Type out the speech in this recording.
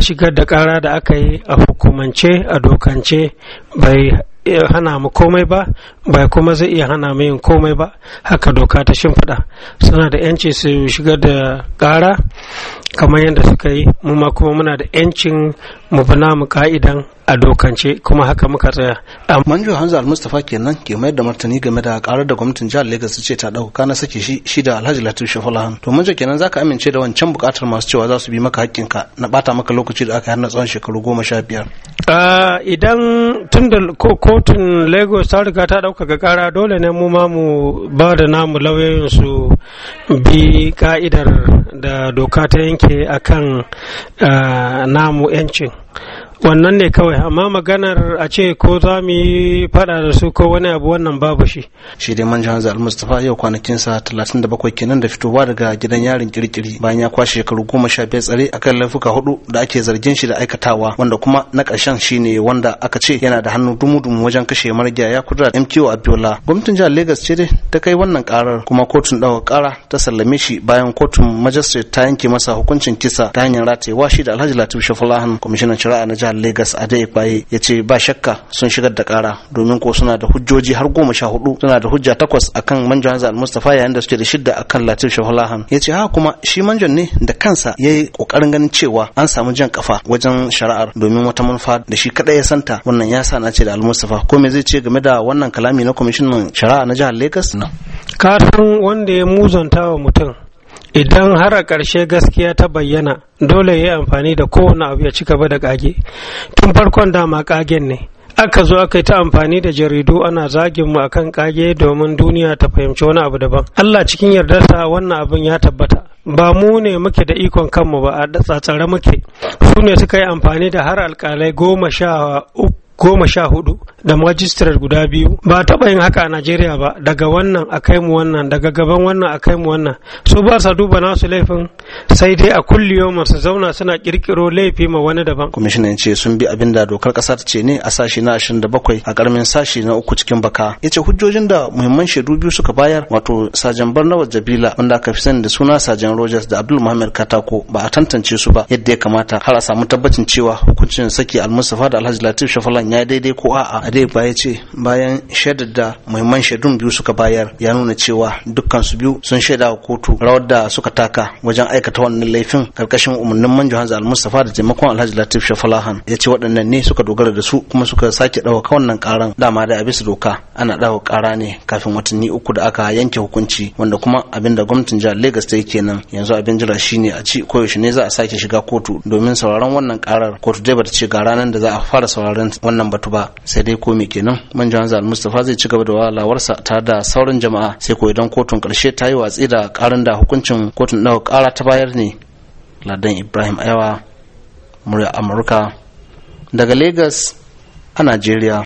shigar da ƙara da aka yi a hukumance a dokance bai hana mu komai ba bai kuma zai iya hana mu yin komai ba haka doka ta shimfiɗa suna da yanci su shigar da ƙara kamar yadda suka yi mu ma kuma muna da yancin mu fi namu ka'idan a dokance kuma haka muka tsaya. manjo hanzu al-mustapha kenan ke mayar da martani game da karar da gwamnatin jihar lagos ce ta dauka na saki shi shi da alhaji latif shafalahan to manjo kenan zaka amince da wancan bukatar masu cewa za su bi maka hakkinka na bata maka lokaci da aka yi na tsawon shekaru goma sha biyar. idan tun da kotun lagos ta riga ta ɗaukaka kara dole ne mu ma mu ba da namu lauyoyin su bi ka'idar da doka ta yanke akan namu 'yancin wannan ne kawai amma maganar a ce ko za mu yi fada da su ko wani abu wannan babu shi shi dai manjan hanzu almustafa yau kwanakinsa bakwai kenan da fitowa daga gidan yarin kirkiri bayan ya kwashe shekaru goma sha biyar tsare akan laifuka hudu da ake zargin shi da aikatawa wanda kuma na ƙarshen ne wanda aka ce yana da hannu dumu-dumu wajen kashe ya kudura mko abiola gwamnatin jihar lagos ce dai ta kai wannan karar kuma kotun ɗaukar kara ta sallame shi bayan kotun magistrate ta yanke masa hukuncin kisa ta hanyar ratayewa shi da alhaji latif shafulahan kwamishinan shari'a na jihar jihar Legas a dai baye ya ce ba shakka sun shigar da kara domin ko suna da hujjoji har goma sha hudu suna da hujja takwas akan manjan Hamza Al-Mustafa yayin da suke da shidda akan Latif Shahulahan ya ce ha kuma shi manjan ne da kansa ya yi kokarin ganin cewa an samu jan kafa wajen shari'ar domin wata manufa da shi kadai ya santa wannan ya sa na ce da Al-Mustafa ko me zai ce game da wannan kalami na kwamishinan shari'a na jihar Legas na ka wanda ya muzanta wa mutum idan har a ƙarshe gaskiya ta bayyana dole ya yi amfani da kowane abu ya ci gaba da ƙage tun farkon dama ƙagen ne aka zo aka yi ta amfani da jaridu ana zagin mu akan ƙage domin duniya ta fahimci wani abu daban Allah cikin yardarsa wannan abin ya tabbata ba mu ne muke da ikon kanmu ba a tsatsare muke su ne suka yi amfani da har alƙalai goma sha uku goma sha hudu da majistar guda biyu ba taɓa yin haka a najeriya ba daga wannan a kai mu wannan daga gaban wannan a kai mu wannan su ba sa duba nasu laifin sai dai a kulliyomar su zauna suna kirkiro laifi ma wani daban kwamishinan ce sun bi abin da dokar kasar ta ce ne a sashi na ashirin da bakwai a karamin sashi na uku cikin baka ya ce hujjojin da muhimman shaidu biyu suka bayar wato sajan barnawa jabila wanda aka fi sani da suna sajan rogers da abdul muhammad katako ba a tantance su ba yadda ya kamata har a samu tabbacin cewa hukuncin saki almusafa da alhaji latif shafalan ya daidai ko a'a dai ya ce bayan shaidar da muhimman shaidun biyu suka bayar ya nuna cewa dukkan su biyu sun shaida wa kotu rawar da suka taka wajen aikata wannan laifin karkashin umarnin manjo hanzu Almustafa da taimakon Alhaji Latif Shafalahan ya ce waɗannan ne suka dogara da su kuma suka sake ɗauka wannan karan dama da abisu doka ana ɗauka kara ne kafin watanni uku da aka yanke hukunci wanda kuma abin da gwamnatin jihar Legas ta yi kenan yanzu abin jira shine a ci koyaushe ne za a sake shiga kotu domin sauraron wannan karar kotu dai bata ce ga ranar da za a fara sauraron wannan wannan batu ba sai dai ko me kenan manjan zal mustafa zai ci gaba da walawarsa tare da sauran jama'a sai ko idan kotun karshe ta yi watsi da karin da hukuncin kotun ɗaga kara ta bayar ne ladan ibrahim ayawa murya amurka daga lagos a najeriya